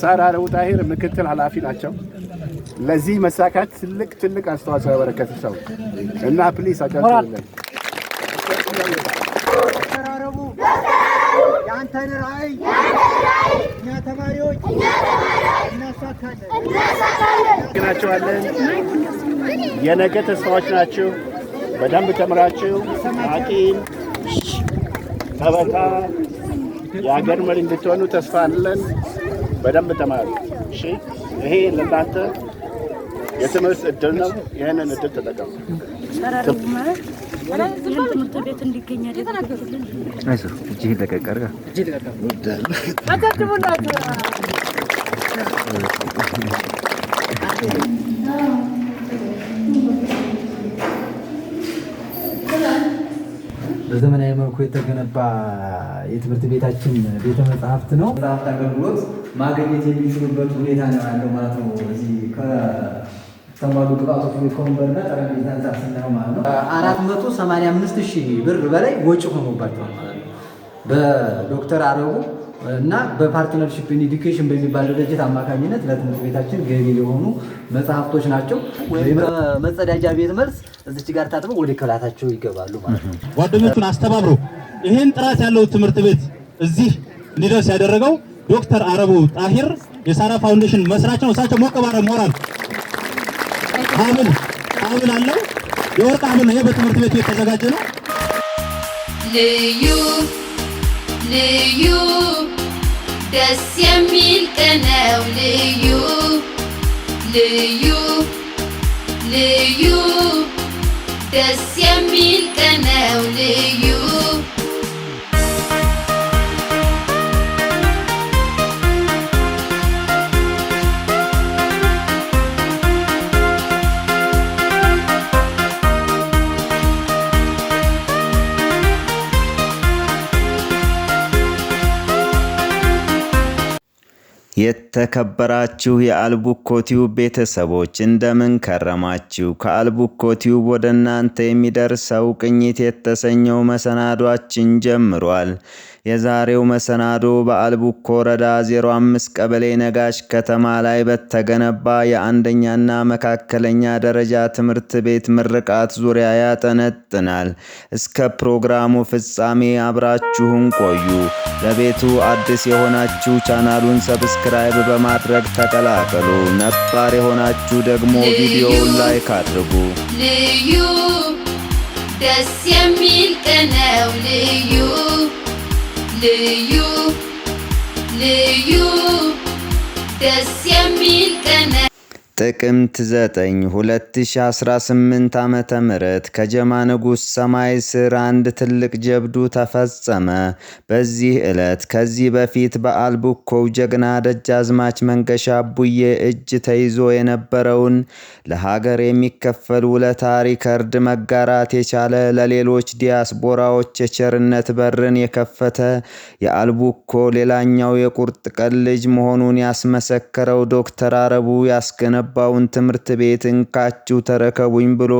ሳራ ረውጣሄር ምክትል ኃላፊ ናቸው። ለዚህ መሳካት ትልቅ ትልቅ አስተዋጽኦ ያበረከቱ ሰው እና ፕሊስ አጫጭለን የአንተን ራዕይ እኛ ተማሪዎች እናሳካለን እናሳካለን። የነገ ተስፋዎች ናችሁ። በደንብ ተምራችሁ ሐኪም ጠበቃ፣ የሀገር መሪ እንድትሆኑ ተስፋ አለን። በደንብ ተማሩ። እሺ፣ ይሄ ለእናንተ የትምህርት እድል ነው። ይህንን እድል ተጠቀሙ። ትምህርት ቤት እንዲገኝ በዘመናዊ መልኩ የተገነባ የትምህርት ቤታችን ቤተ መጽሐፍት ነው። መጽሐፍት አገልግሎት ማግኘት የሚችሉበት ሁኔታ ነው ያለው ማለት ነው። እዚህ ከተሟሉ ግብአቶች ከወንበርና ጠረጴዛ አንጻር ስናየው ማለት ነው አራት መቶ ሰማንያ አምስት ሺህ ብር በላይ ወጪ ሆኖባቸዋል ማለት ነው በዶክተር አረቡ እና በፓርትነርሽፕ ኢዲኬሽን በሚባል ድርጅት አማካኝነት ለትምህርት ቤታችን ገቢ የሆኑ መጽሐፍቶች ናቸው። መጸዳጃ ቤት መልስ እዚች ጋር ታጥበው ወደ ክላታቸው ይገባሉ ማለት ነው። ጓደኞቹን አስተባብሮ ይህን ጥራት ያለው ትምህርት ቤት እዚህ እንዲደርስ ያደረገው ዶክተር አረቡ ጣሂር የሳራ ፋውንዴሽን መስራች ነው። እሳቸው ሞቅ ሞራል ሀብል ሀብል አለው የወርቅ ሀብል ነው። ይሄ በትምህርት ቤቱ የተዘጋጀ ነው። ልዩ ልዩ ደስ የሚል ቀን ልዩ ልዩ ልዩ ደስ የሚል ነው ልዩ የተከበራችሁ የአልቡኮ ቲዩብ ቤተሰቦች እንደምን ከረማችሁ? ከአልቡኮ ቲዩብ ወደ እናንተ የሚደርሰው ቅኝት የተሰኘው መሰናዷችን ጀምሯል። የዛሬው መሰናዶ በአልቡኮ ወረዳ 05 ቀበሌ ነጋሽ ከተማ ላይ በተገነባ የአንደኛና መካከለኛ ደረጃ ትምህርት ቤት ምርቃት ዙሪያ ያጠነጥናል። እስከ ፕሮግራሙ ፍጻሜ አብራችሁን ቆዩ። ለቤቱ አዲስ የሆናችሁ ቻናሉን ሰብስክራይብ በማድረግ ተቀላቀሉ። ነባር የሆናችሁ ደግሞ ቪዲዮውን ላይክ አድርጉ። ልዩ ደስ የሚል ቀን ነው ልዩ de you, te hacía mil ጥቅምት 9 2018 ዓ ም ከጀማ ንጉሥ ሰማይ ስር አንድ ትልቅ ጀብዱ ተፈጸመ። በዚህ ዕለት ከዚህ በፊት በአልቡኮው ጀግና ደጃዝማች መንገሻ አቡዬ እጅ ተይዞ የነበረውን ለሀገር የሚከፈል ውለታ ሪከርድ መጋራት የቻለ ለሌሎች ዲያስፖራዎች የቸርነት በርን የከፈተ የአልቡኮ ሌላኛው የቁርጥ ቀን ልጅ መሆኑን ያስመሰከረው ዶክተር አረቡ ያስገነ የገነባውን ትምህርት ቤት እንካችሁ ተረከቡኝ ብሎ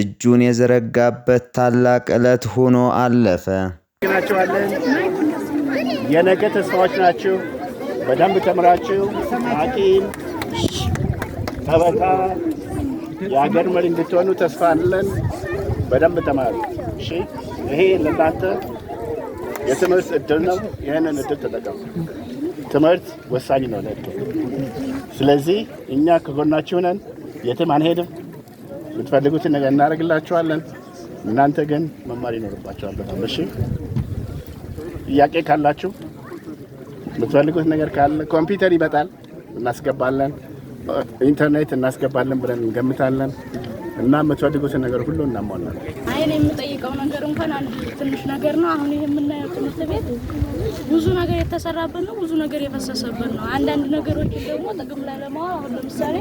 እጁን የዘረጋበት ታላቅ ዕለት ሆኖ አለፈ። የነገ ተስፋዎች ናችሁ። በደንብ ተምራችሁ ሐኪም፣ ጠበቃ፣ የሀገር መሪ እንድትሆኑ ተስፋ አለን። በደንብ ተማሩ። ይሄ ለእናንተ የትምህርት እድል ነው። ይህንን እድል ተጠቀሙ። ትምህርት ወሳኝ ነው ለእድል ስለዚህ እኛ ከጎናችሁ ነን፣ የትም አንሄድም። የምትፈልጉትን ነገር እናደርግላችኋለን። እናንተ ግን መማር ይኖርባችኋል። በጣም እሺ። ጥያቄ ካላችሁ የምትፈልጉት ነገር ካለ ኮምፒውተር ይመጣል፣ እናስገባለን። ኢንተርኔት እናስገባለን ብለን እንገምታለን። እና የምትፈልጉትን ነገር ሁሉ እናሟላለን። አይን የምጠይቀው ነገር እንኳን አንድ ትንሽ ነገር ነው። አሁን ይሄ የምናየው ትምህርት ቤት ብዙ ነገር የተሰራበት ነው፣ ብዙ ነገር የፈሰሰበት ነው። አንዳንድ ነገሮች ደግሞ ጥቅም ላይ ለማዋል አሁን ለምሳሌ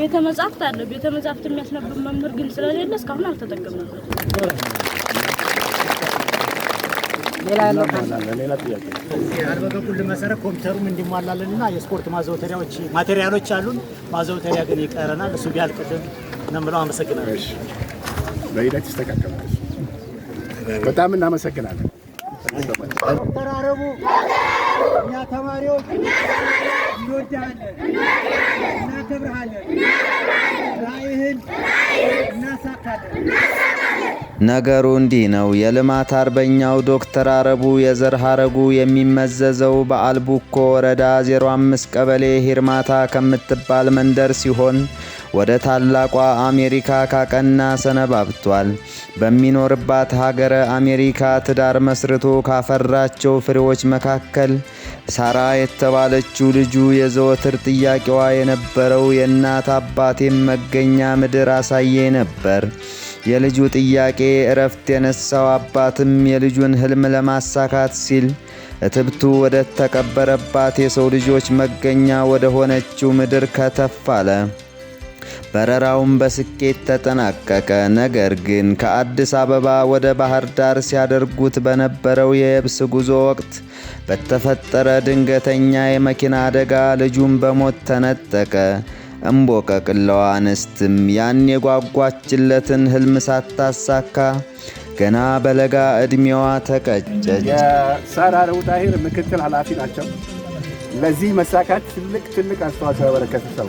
ቤተ መጻሕፍት አለ። ቤተ መጻሕፍት የሚያስነብብ መምህር ግን ስለሌለ እስካሁን አልተጠቀምንበት። ሌላ ጥያቄ አልበበኩል መሰረት ኮምፒውተሩም እንዲሟላልን እና የስፖርት ማዘውተሪያዎች ማቴሪያሎች አሉን። ማዘውተሪያ ግን ይቀረናል። እሱ ቢያልቅትም አመሰግናለሁ። በሂደት ይስተካከላል። በጣም እናመሰግናለን። እኛ ተማሪዎች እናከብርሃለን፣ ራዕይህን እናሳካለን። ነገሩ እንዲህ ነው። የልማት አርበኛው ዶክተር አረቡ የዘር ሐረጉ የሚመዘዘው በአልቡኮ ወረዳ 05 ቀበሌ ሂርማታ ከምትባል መንደር ሲሆን ወደ ታላቋ አሜሪካ ካቀና ሰነባብቷል። በሚኖርባት ሀገረ አሜሪካ ትዳር መስርቶ ካፈራቸው ፍሬዎች መካከል ሳራ የተባለችው ልጁ የዘወትር ጥያቄዋ የነበረው የእናት አባቴም መገኛ ምድር አሳዬ ነበር። የልጁ ጥያቄ እረፍት የነሳው አባትም የልጁን ህልም ለማሳካት ሲል እትብቱ ወደ ተቀበረባት የሰው ልጆች መገኛ ወደ ሆነችው ምድር ከተፍ አለ። በረራውን በስኬት ተጠናቀቀ። ነገር ግን ከአዲስ አበባ ወደ ባህር ዳር ሲያደርጉት በነበረው የየብስ ጉዞ ወቅት በተፈጠረ ድንገተኛ የመኪና አደጋ ልጁን በሞት ተነጠቀ። እምቦቀቅለዋ አንስትም ያን የጓጓችለትን ህልም ሳታሳካ ገና በለጋ እድሜዋ ተቀጨች። የሳራረው ጣሂር ምክትል ኃላፊ ናቸው። ለዚህ መሳካት ትልቅ ትልቅ አስተዋጽኦ ያበረከተ ሰው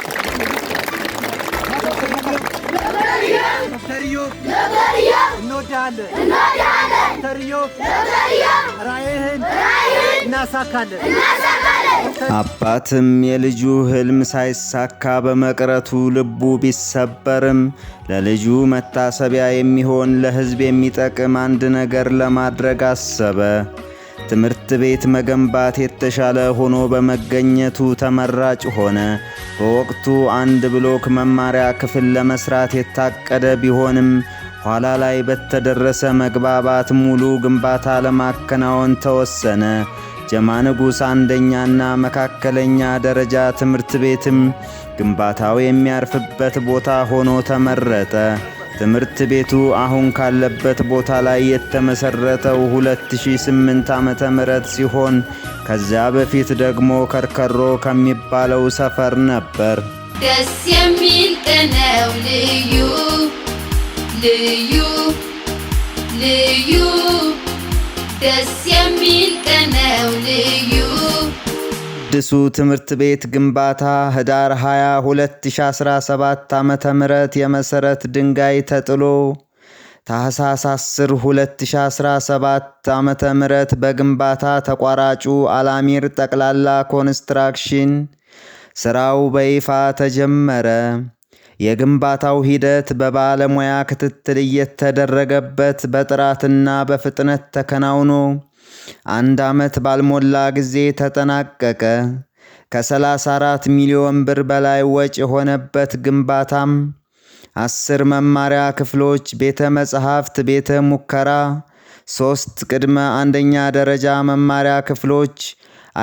እንወድሃለን፣ ተርዮ ራዕይህን እናሳካለን። አባትም የልጁ ህልም ሳይሳካ በመቅረቱ ልቡ ቢሰበርም ለልጁ መታሰቢያ የሚሆን ለሕዝብ የሚጠቅም አንድ ነገር ለማድረግ አሰበ። ትምህርት ቤት መገንባት የተሻለ ሆኖ በመገኘቱ ተመራጭ ሆነ። በወቅቱ አንድ ብሎክ መማሪያ ክፍል ለመስራት የታቀደ ቢሆንም ኋላ ላይ በተደረሰ መግባባት ሙሉ ግንባታ ለማከናወን ተወሰነ። ጀማ ንጉሥ አንደኛና መካከለኛ ደረጃ ትምህርት ቤትም ግንባታው የሚያርፍበት ቦታ ሆኖ ተመረጠ። ትምህርት ቤቱ አሁን ካለበት ቦታ ላይ የተመሰረተው 2008 ዓ.ም ምህረት ሲሆን ከዚያ በፊት ደግሞ ከርከሮ ከሚባለው ሰፈር ነበር። ደስ የሚል ቀነው ልዩ ልዩ ልዩ ደስ የሚል ቀነው ልዩ የአዲሱ ትምህርት ቤት ግንባታ ህዳር 20 2017 ዓ ም የመሠረት ድንጋይ ተጥሎ ታህሳስ 10 2017 ዓ ም በግንባታ ተቋራጩ አላሚር ጠቅላላ ኮንስትራክሽን ስራው በይፋ ተጀመረ። የግንባታው ሂደት በባለሙያ ክትትል እየተደረገበት በጥራትና በፍጥነት ተከናውኖ አንድ ዓመት ባልሞላ ጊዜ ተጠናቀቀ። ከ34 ሚሊዮን ብር በላይ ወጪ የሆነበት ግንባታም አስር መማሪያ ክፍሎች፣ ቤተ መጽሐፍት ቤተ ሙከራ፣ ሶስት ቅድመ አንደኛ ደረጃ መማሪያ ክፍሎች፣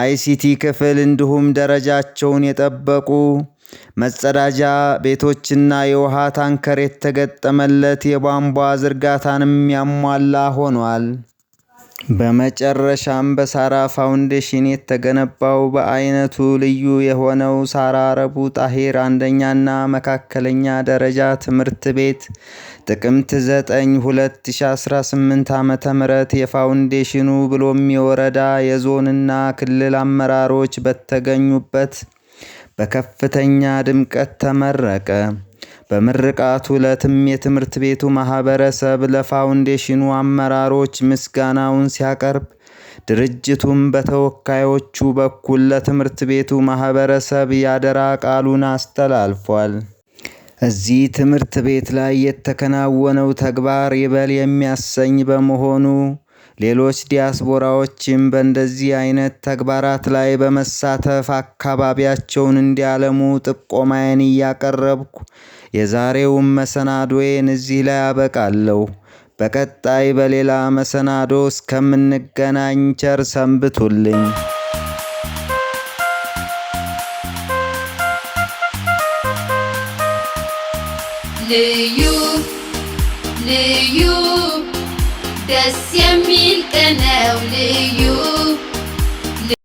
አይሲቲ ክፍል እንዲሁም ደረጃቸውን የጠበቁ መጸዳጃ ቤቶችና የውሃ ታንከር የተገጠመለት የቧንቧ ዝርጋታንም ያሟላ ሆኗል። በመጨረሻም በሳራ ፋውንዴሽን የተገነባው በአይነቱ ልዩ የሆነው ሳራ ረቡ ጣሂር አንደኛና መካከለኛ ደረጃ ትምህርት ቤት ጥቅምት 9 2018 ዓ ም የፋውንዴሽኑ ብሎም የወረዳ የዞንና ክልል አመራሮች በተገኙበት በከፍተኛ ድምቀት ተመረቀ። በምርቃቱ ዕለትም የትምህርት ቤቱ ማህበረሰብ ለፋውንዴሽኑ አመራሮች ምስጋናውን ሲያቀርብ ድርጅቱም በተወካዮቹ በኩል ለትምህርት ቤቱ ማህበረሰብ ያደራ ቃሉን አስተላልፏል። እዚህ ትምህርት ቤት ላይ የተከናወነው ተግባር ይበል የሚያሰኝ በመሆኑ ሌሎች ዲያስፖራዎችም በእንደዚህ አይነት ተግባራት ላይ በመሳተፍ አካባቢያቸውን እንዲያለሙ ጥቆማዬን እያቀረብኩ የዛሬውን መሰናዶዬን እዚህ ላይ አበቃለሁ። በቀጣይ በሌላ መሰናዶ እስከምንገናኝ ቸር ሰንብቱልኝ። ልዩ ልዩ تسيم القناة وليوم